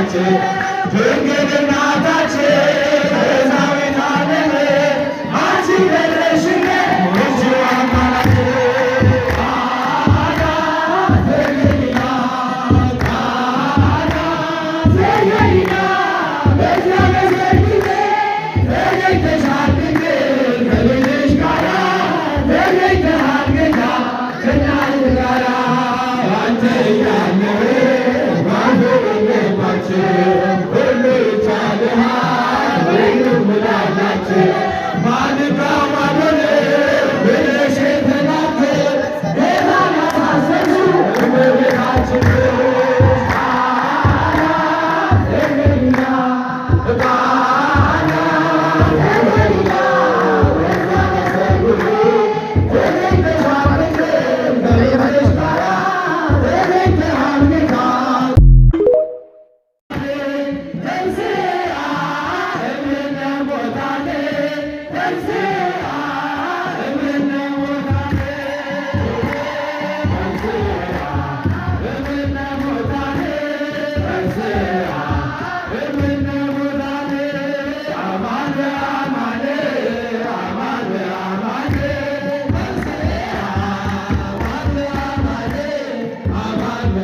আছে যোগ্যদের Vale.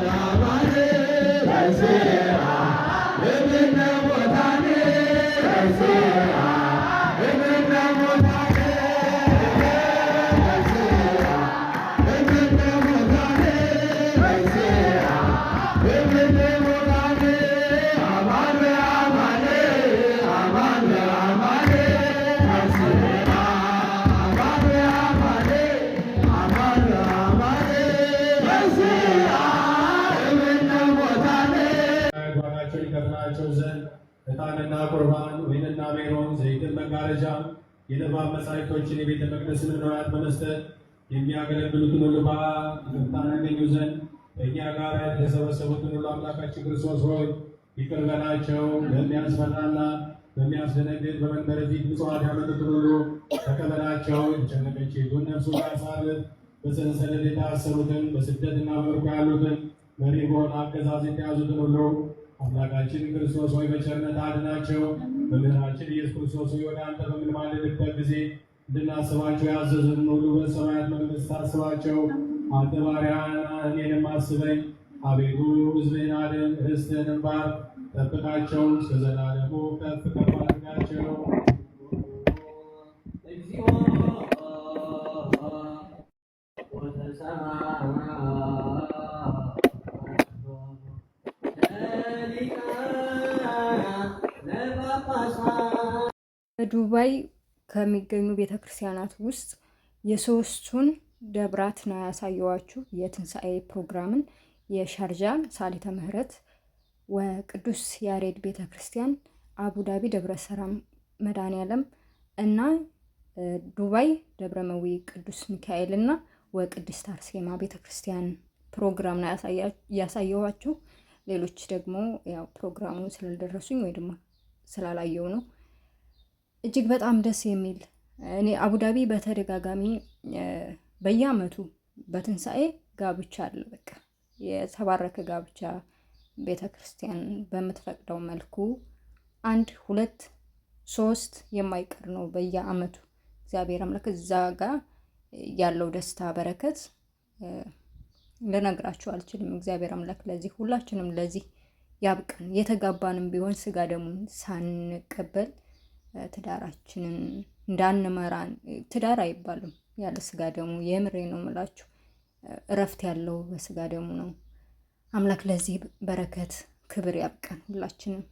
Yeah. እጣንና ቁርባን ወይንና ቤሮን ዘይትን፣ መጋረጃ፣ የንባብ መጻሕፍቶችን የቤተ መቅደስን መኖሪያት በመስጠት የሚያገለግሉትን ሁሉ በይቅርታን ያገኙ ዘንድ በእኛ ጋር የተሰበሰቡትን ሁሉ አምላካችን ክርስቶስ ሆይ ይቅር በላቸው። በሚያስፈራና በሚያስደነግጥ በመንበረ ፊት ምጽዋት ያመጡትን ሁሉ ተቀበላቸው። የተጨነቀች ይዙን ነፍሱ ያሳርፍ። በሰንሰለት የታሰሩትን በስደትና በምርኮ ያሉትን መሪ በሆነ አገዛዝ የተያዙትን ሁሉ አምላካችን ክርስቶስ ሆይ በቸርነት አድናቸው። በምድራችን ኢየሱስ ክርስቶስ ሆይ ወደ አንተ በምንማልድበት ጊዜ እንድናስባቸው ያዘዝን ሁሉ በሰማያት መንግስት አስባቸው። አንተ ባሪያህን እኔንም አስበኝ። አቤቱ ሕዝብህን አድን፣ ርስትህንም ባርክ፣ ጠብቃቸው፣ እስከ ዘላለሙ ከፍ ከፍ አድርጋቸው። በዱባይ ከሚገኙ ቤተክርስቲያናት ውስጥ የሶስቱን ደብራት ነው ያሳየዋችሁ። የትንሣኤ ፕሮግራምን የሻርጃ ሳሊተ ምህረት ወቅዱስ ያሬድ ቤተ ክርስቲያን፣ አቡዳቢ ደብረ ሰላም መድኃኔዓለም እና ዱባይ ደብረ መዊ ቅዱስ ሚካኤል እና ወቅድስት አርሴማ ቤተ ክርስቲያን ፕሮግራም ነው ያሳየኋችሁ። ሌሎች ደግሞ ያው ፕሮግራሙ ስላልደረሱኝ ወይ ደግሞ ስላላየው ነው እጅግ በጣም ደስ የሚል እኔ አቡዳቢ በተደጋጋሚ በየአመቱ በትንሣኤ ጋብቻ አለ። በቃ የተባረከ ጋብቻ ቤተ ክርስቲያን በምትፈቅደው መልኩ አንድ ሁለት ሶስት የማይቀር ነው በየአመቱ። እግዚአብሔር አምላክ እዛ ጋር ያለው ደስታ በረከት ልነግራችሁ አልችልም። እግዚአብሔር አምላክ ለዚህ ሁላችንም ለዚህ ያብቀን የተጋባንም ቢሆን ስጋ ደሙን ሳንቀበል ትዳራችንን እንዳንመራን ትዳር አይባልም ያለ ስጋ ደግሞ የምሬ ነው የምላችሁ። እረፍት ያለው በስጋ ደግሞ ነው። አምላክ ለዚህ በረከት ክብር ያብቀን ሁላችንም።